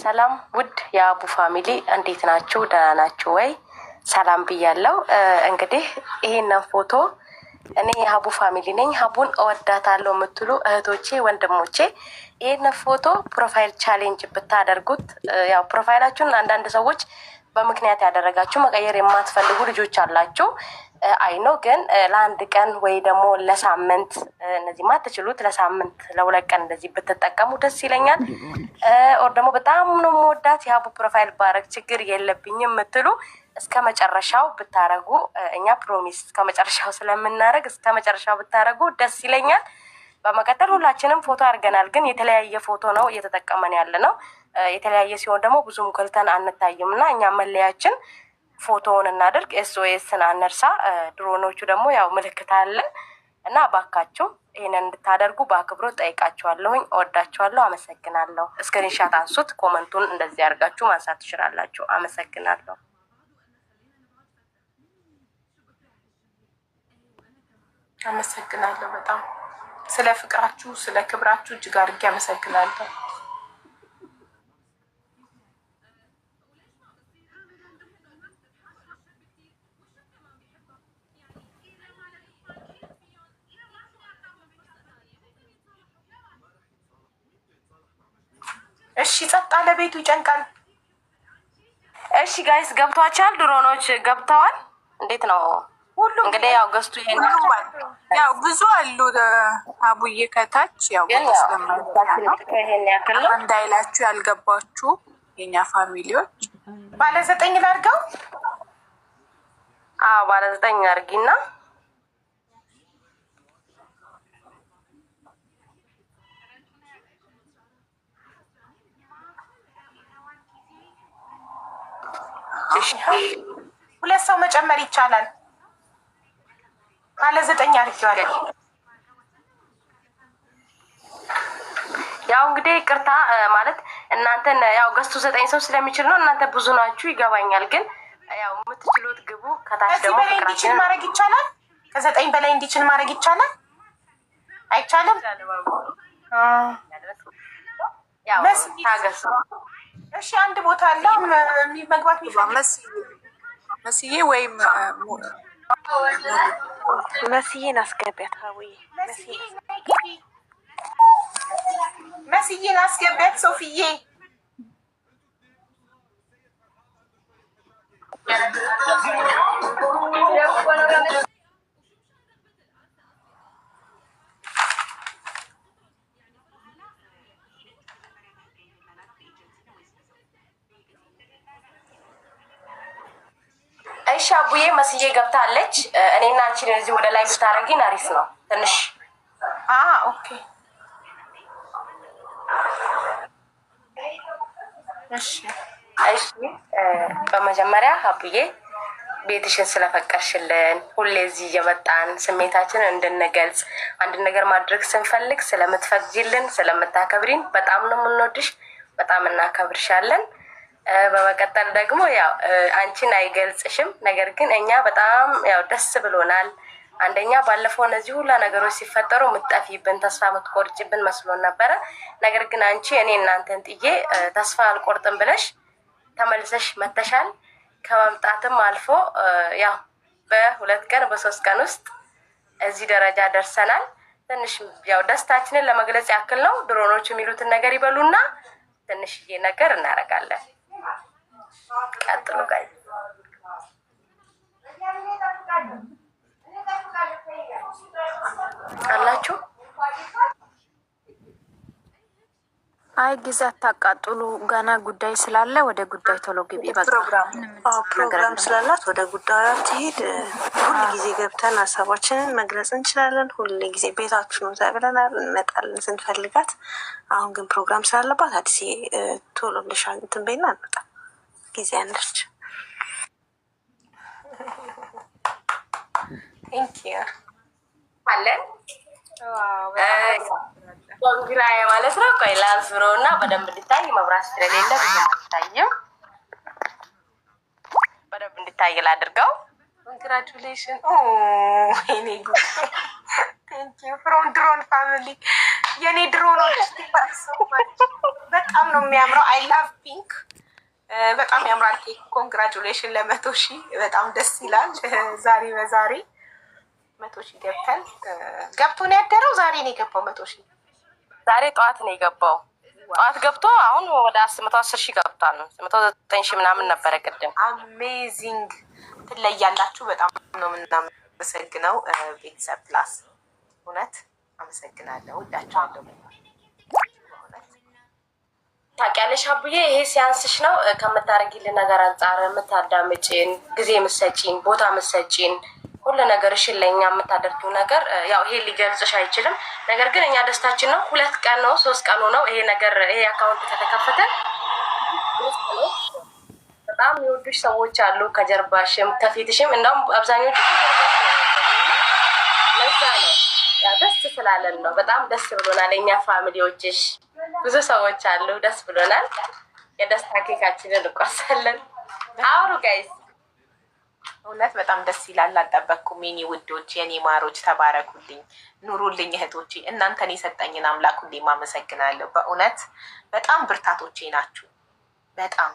ሰላም ውድ የአቡ ፋሚሊ እንዴት ናችሁ? ደህና ናችሁ ወይ? ሰላም ብያለው። እንግዲህ ይህንን ፎቶ እኔ የሀቡ ፋሚሊ ነኝ፣ ሀቡን እወዳታለሁ የምትሉ እህቶቼ ወንድሞቼ፣ ይህንን ፎቶ ፕሮፋይል ቻሌንጅ ብታደርጉት፣ ያው ፕሮፋይላችሁን አንዳንድ ሰዎች በምክንያት ያደረጋችሁ መቀየር የማትፈልጉ ልጆች አላችሁ። አይ ነው ግን ለአንድ ቀን ወይ ደግሞ ለሳምንት እነዚህ ማትችሉት ለሳምንት ለሁለት ቀን እንደዚህ ብትጠቀሙ ደስ ይለኛል። ኦር ደግሞ በጣም ነው መወዳት የሀቡ ፕሮፋይል ባረግ ችግር የለብኝም የምትሉ እስከ መጨረሻው ብታረጉ እኛ ፕሮሚስ እስከ መጨረሻው ስለምናደርግ እስከ መጨረሻው ብታረጉ ደስ ይለኛል። በመቀጠል ሁላችንም ፎቶ አድርገናል፣ ግን የተለያየ ፎቶ ነው እየተጠቀመን ያለ ነው። የተለያየ ሲሆን ደግሞ ብዙም ጎልተን አንታይም እና እኛ መለያችን ፎቶውን እናድርግ። ኤስኦኤስን አነርሳ። ድሮኖቹ ደግሞ ያው ምልክት አለ እና ባካችሁ ይህንን እንድታደርጉ በአክብሮ ጠይቃችኋለሁኝ። እወዳችኋለሁ። አመሰግናለሁ። እስክሪንሻት አንሱት። ኮመንቱን እንደዚህ አድርጋችሁ ማንሳት ትችላላችሁ። አመሰግናለሁ። አመሰግናለሁ በጣም ስለ ፍቅራችሁ ስለ ክብራችሁ እጅግ አድርጌ አመሰግናለሁ። እሺ፣ ጸጣ ለቤቱ ይጨንቃል። እሺ ጋይስ ገብቷቸዋል። ድሮኖች ገብተዋል። እንዴት ነው ሁሉም? እንግዲህ ያው ገዝቱ ያው ብዙ አሉ። አቡዬ ከታች ያው ያክል ነው እንዳይላችሁ ያልገባችሁ የኛ ፋሚሊዎች ባለ ዘጠኝ ላርገው። አዎ ባለ ዘጠኝ አርጊና ሁለት ሰው መጨመር ይቻላል። ባለ ዘጠኝ አድርጌዋለሁ። ያው እንግዲህ ቅርታ ማለት እናንተን ያው ገዝቱ ዘጠኝ ሰው ስለሚችል ነው። እናንተ ብዙ ናችሁ ይገባኛል። ግን ያው የምትችሉት ግቡ። ከታች ደግሞ እንዲችል ማድረግ ይቻላል። ከዘጠኝ በላይ እንዲችል ማድረግ ይቻላል። አይቻልም ታገስ እሺ አንድ ቦታ አለ መግባት መስዬ ወይም መስዬን አስገቢያት። ወይ መስዬን አስገቢያት። ሶፍዬ እሺ አቡዬ መስዬ ገብታለች። እኔና አንቺን እዚህ ወደ ላይ ብታረጊን አሪፍ ነው። ትንሽ ኦኬ። እሺ በመጀመሪያ አቡዬ ቤትሽን ስለፈቀድሽልን ሁሌ እዚህ እየመጣን ስሜታችንን እንድንገልጽ አንድ ነገር ማድረግ ስንፈልግ ስለምትፈቅጂልን ስለምታከብሪን በጣም ነው የምንወድሽ፣ በጣም እናከብርሻለን። በመቀጠል ደግሞ ያው አንቺን አይገልጽሽም፣ ነገር ግን እኛ በጣም ያው ደስ ብሎናል። አንደኛ ባለፈው እነዚህ ሁላ ነገሮች ሲፈጠሩ ምጠፊብን ተስፋ ምትቆርጭብን መስሎን ነበረ። ነገር ግን አንቺ እኔ እናንተን ጥዬ ተስፋ አልቆርጥም ብለሽ ተመልሰሽ መተሻል። ከመምጣትም አልፎ ያው በሁለት ቀን በሶስት ቀን ውስጥ እዚህ ደረጃ ደርሰናል። ትንሽ ያው ደስታችንን ለመግለጽ ያክል ነው። ድሮኖቹ የሚሉትን ነገር ይበሉና ትንሽዬ ነገር እናደርጋለን። ቀጥሉ ጋይ አላችሁ። አይ ጊዜ አታቃጥሉ። ገና ጉዳይ ስላለ ወደ ጉዳይ ቶሎ ግቢ። ፕሮግራም ስላላት ወደ ጉዳዩ አትሄድ። ሁል ጊዜ ገብተን ሀሳባችንን መግለጽ እንችላለን። ሁል ጊዜ ቤታችሁ ነው ተብለናል፣ እንመጣለን ስንፈልጋት። አሁን ግን ፕሮግራም ስላለባት አዲስ ቶሎ ብለሻ እንትን በይና እንመጣለን። ጊዜ አለች። አለን ኮንግራ ማለት ነው። ቆይ ላዙሮ እና በደንብ እንዲታይ መብራት ስለሌለ አይታይም። በደንብ እንዲታይ ላድርገው። ኮንግራቹሌሽን ኔ ፍሮም ድሮን ፋሚሊ የኔ ድሮኖች በጣም ነው የሚያምረው። አይ ላቭ ፒንክ በጣም ያምራል ኬክ። ኮንግራጁሌሽን ለመቶ ሺ በጣም ደስ ይላል። ዛሬ በዛሬ መቶ ሺ ገብተን ገብቶ ነው ያደረው። ዛሬ ነው የገባው መቶ ሺ ዛሬ ጠዋት ነው የገባው። ጠዋት ገብቶ አሁን ወደ መቶ አስር ሺህ ገብቷል። መቶ ዘጠኝ ሺ ምናምን ነበረ ቅድም። አሜዚንግ ትለያላችሁ። በጣም ነው የምናመሰግነው ቤተሰብ ፕላስ። እውነት አመሰግናለሁ። ወዳችኋለሁ። ታውቂያለሽ አቡዬ፣ ይሄ ሲያንስሽ ነው ከምታደርጊልን ነገር አንጻር የምታዳምጭን ጊዜ ምሰጪን ቦታ የምትሰጪን ሁሉ እሽን ለእኛ የምታደርጊው ነገር ያው ይሄ ሊገልጽሽ አይችልም። ነገር ግን እኛ ደስታችን ነው። ሁለት ቀን ነው ሶስት ቀኑ ነው ይሄ ነገር ይሄ አካውንት ከተከፈተ በጣም የወዱሽ ሰዎች አሉ፣ ከጀርባሽም ከፊትሽም። እንዳውም አብዛኞቹ ከጀርባሽ ነው ለዛ ነው ደስ ስላለን ነው። በጣም ደስ ብሎናል። የኛ ፋሚሊዎችሽ ብዙ ሰዎች አሉ። ደስ ብሎናል። የደስታ ኬካችንን እንቋሳለን። አውሩ ጋይስ እውነት በጣም ደስ ይላል። አልጠበቅኩም። የኔ ውዶች፣ የኔ ማሮች ተባረኩልኝ፣ ኑሩልኝ እህቶቼ። እናንተን የሰጠኝን አምላክ ሁሌም አመሰግናለሁ። በእውነት በጣም ብርታቶቼ ናችሁ። በጣም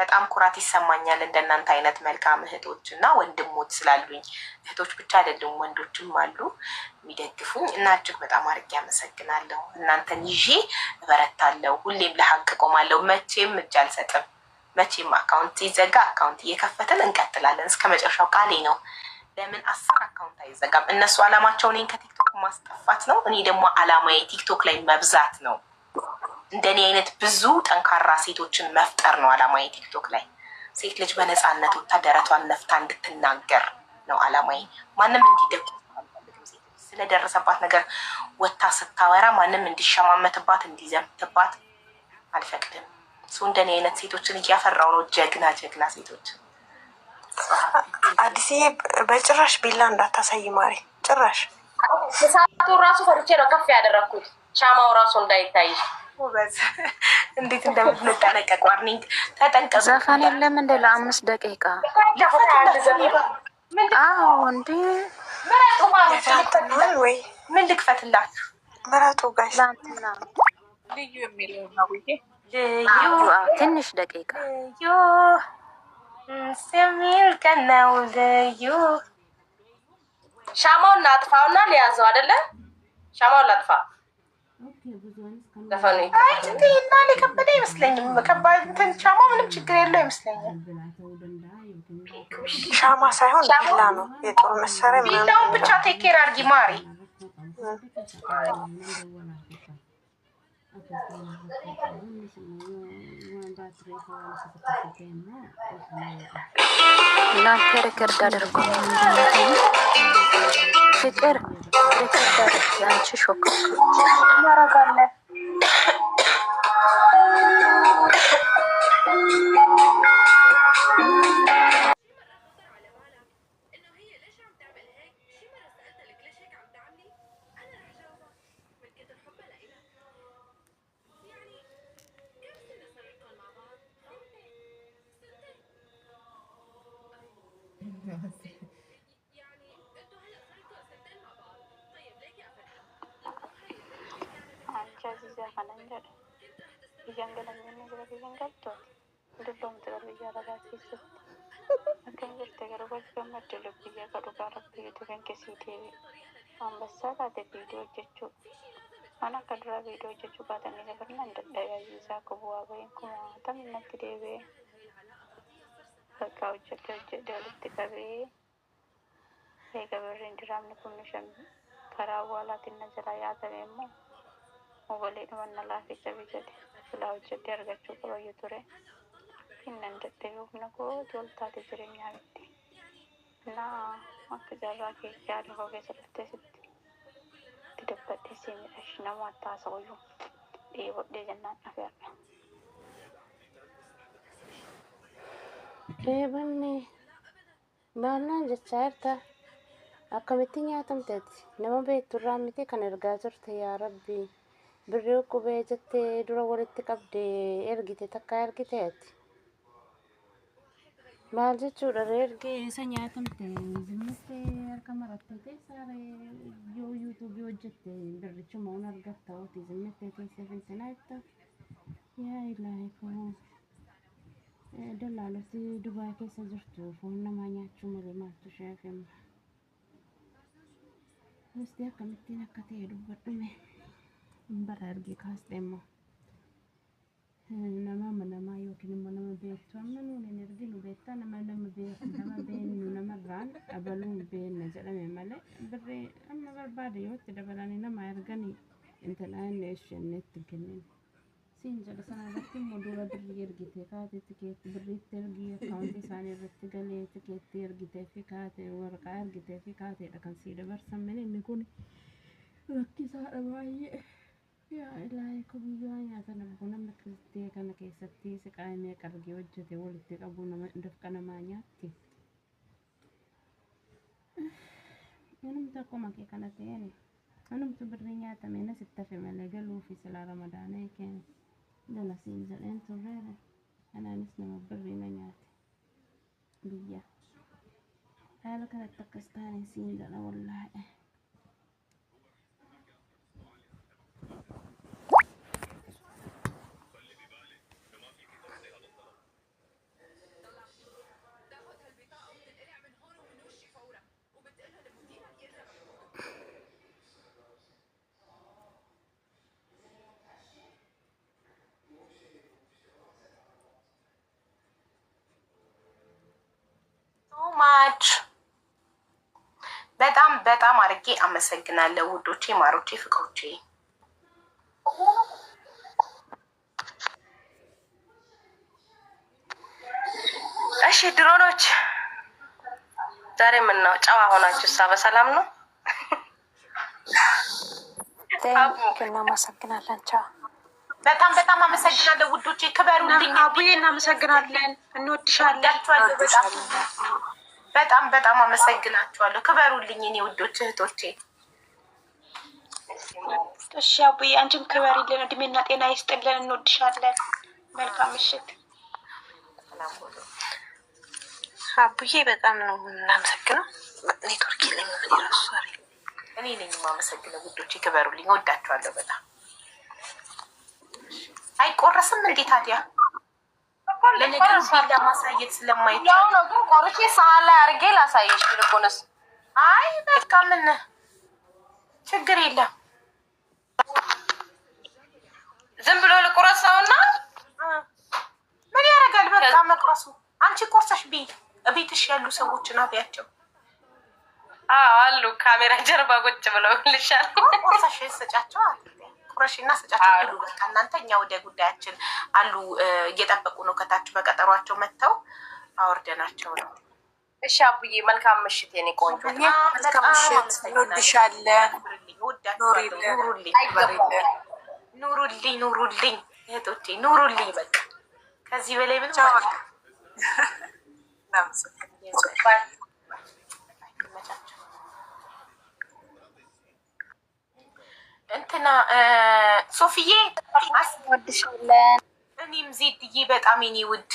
በጣም ኩራት ይሰማኛል እንደናንተ አይነት መልካም እህቶች እና ወንድሞች ስላሉኝ። እህቶች ብቻ አይደለም ወንዶችም አሉ የሚደግፉኝ እና እጅግ በጣም አድርጌ አመሰግናለሁ። እናንተን ይዤ እበረታለሁ። ሁሌም ለሀቅ ቆማለሁ። መቼም እጅ አልሰጥም። መቼም አካውንት ይዘጋ አካውንት እየከፈትን እንቀጥላለን እስከ መጨረሻው። ቃሌ ነው። ለምን አስር አካውንት አይዘጋም? እነሱ አላማቸው እኔን ከቲክቶክ ማስጠፋት ነው። እኔ ደግሞ አላማዬ ቲክቶክ ላይ መብዛት ነው። እንደኔ አይነት ብዙ ጠንካራ ሴቶችን መፍጠር ነው አላማዬ። ቲክቶክ ላይ ሴት ልጅ በነፃነት ወታደረቷን ደረቷን ነፍታ እንድትናገር ነው አላማዬ። ማንም እንዲደግ ስለደረሰባት ነገር ወታ ስታወራ ማንም እንዲሸማመትባት እንዲዘምትባት አልፈቅድም። እሱ እንደኔ አይነት ሴቶችን እያፈራው ነው። ጀግና ጀግና ሴቶች አዲስዬ፣ በጭራሽ ቢላ እንዳታሳይ ማሪ። ጭራሽ ሳቱ ራሱ ፈርቼ ነው ከፍ ያደረግኩት ሻማው ራሱ እንዳይታይ እንዴት እንደምትጠነቀቅ ዋርኒንግ ዘፈን የለም እንደ ለአምስት ደቂቃ ምን ልክፈትላችሁ? ምረጡ ትንሽ ደቂቃ ልዩ ስሚል ልዩ ሻማውን ሊያዘው አይደለ? ሻማውን ላጥፋ ለፋኔእንትና የከበደ አይመስለኝም። ከባድ እንትን ሻማ ምንም ችግር የለው አይመስለኝም። ሻማ ሳይሆን ቢላ ነው የጦር መሳሪያ። ቢላውን ብቻ ቴኬር አድርጊ ማሪ። እናንተ ሪከርድ አድርጎ ፍቅር ሪከርድ ያንቺ ሾክ እናረጋለን። ambassaa taate fiidii hojjechuu waan akka duraa fiidii hojjechuu baatanii dabalan dadhabanii isaa akka bu'aa bahin kuma haatamni natti deebi'ee bakka hojjedhe hojjedhe walitti qabee eega birri hin jiraamne kun shan karaa awwaalaatiin na jala yaatame immoo obboleedhuman na laaffisa bitatee. silaa hojjete argachuu qabayyo ture hinnan dadhabee kootu ol taate jireenyaa miti na akka jaarraa keessaa lafoo keessa dhuftee sitti itti dabbadhee si midhash nama attaasa uyyuu dhiibodhee jennaan dhafeerra. Reebanni baannaan jechaa jirta. Akkamitti nyaatamteetti nama beekturraa miti kan ergaa jirte yaa rabbii. birrii qubee jettee dura walitti qabdee ergite takka ergiteeti. Maal jechuudha ergi isa nyaatamte bizineste harka marattee keessa yoo yuutuubii hojjette birrichuma un argatta ooti bizineste keessa fintinaatta yaa ilaahi foon dallaalatti dubaa keessa jirtu foon namaa nyaachuu malee maaltu sheef hima. Gosti akkamittiin akka ta'e dubbadhume. bara argikaas dhimma nama manama yookiin immoo nama beektu amma nuun hin arginu beektaa nama nama beeku nama beennu namarraan abaluun beenna jedhame malee birree amma barbaade yoo itti dabalanii nama arganii intalaayin isheenitti kennin. siin jedha sana irratti immoo dura birrii ergite kaate tikeetti birriitti ergii akkaawunti isaanii irratti galee tikeetti ergitee fi kaate warqaa ergitee fi kaateedha kan sii dabarsan inni kun rakkisaadha baay'ee. Biyyaa nyaata nama Kriistee kana keessatti siqaa meeqa argee hojjete walitti qabuun dafqa namaa nyaatti. Namni makee kana ta'een namtu birrii nyaatame na sitti hafe malee galuu fi silaa ramadaanaa keen dalasiin jedheen turreera. Kanaanis nama birrii na nyaate biyya. Haala kanatti akkas taane siin jedha wallaahi. አድርጌ አመሰግናለሁ። ውዶቼ፣ ማሮቼ፣ ፍቅሮቼ እሺ ድሮኖች ዛሬ ምን ነው ጨዋ ሆናችሁ? እሳ በሰላም ነው። እናመሰግናለን። ቻው። በጣም በጣም አመሰግናለሁ ውዶቼ። ክበሩ። አቡዬ እናመሰግናለን። እንወድሻለን። በጣም በጣም አመሰግናችኋለሁ። ክበሩልኝ እኔ ውዶች እህቶቼ። እሺ አቡዬ አንቺም ክበሪልን፣ እድሜና ጤና ይስጥልን። እንወድሻለን። መልካም ምሽት አቡዬ። በጣም ነው እናመሰግነው። ኔትወርክ የለኝ ምን እኔ ነኝ የማመሰግነው። ውዶች፣ ክበሩልኝ፣ ወዳችኋለሁ በጣም አይቆረስም እንዴ ታዲያ ለማሳየት ስለማይቻል ነው። ግን ቆርቼ ላይ አድርጌ ላሳየሽ። ይልቁንስ አይ በቃ ምን ችግር የለም። ዝም ብሎ ልቁረስ ነው እና ምን ያደርጋል? በቃ መቁረሱ አንቺ ቆርሰሽ ቤ ቤትሽ ያሉ ሰዎች ናቢያቸው አሉ ካሜራ ጀርባ ቁጭ ብለው ልሻል ቆርሰሽ ስጫቸው አለ ቁረሽ እና ስጫቸው ብሉ። በቃ እናንተ እኛ ወደ ጉዳያችን አሉ እየጠበቁ ነው። ከታች በቀጠሯቸው መጥተው አወርደናቸው ነው። እሺ አቡዬ፣ መልካም ምሽት የኔ ቆንጆ። መልካም ምሽት። እንወድሻለን። ኑሩልኝ፣ ኑሩልኝ እህቶቼ፣ ኑሩልኝ። በቃ ከዚህ በላይ ምን ነው? እንትና ሶፍዬ አስወድሻለን። እኔም ዜድዬ በጣም የኔ ውድ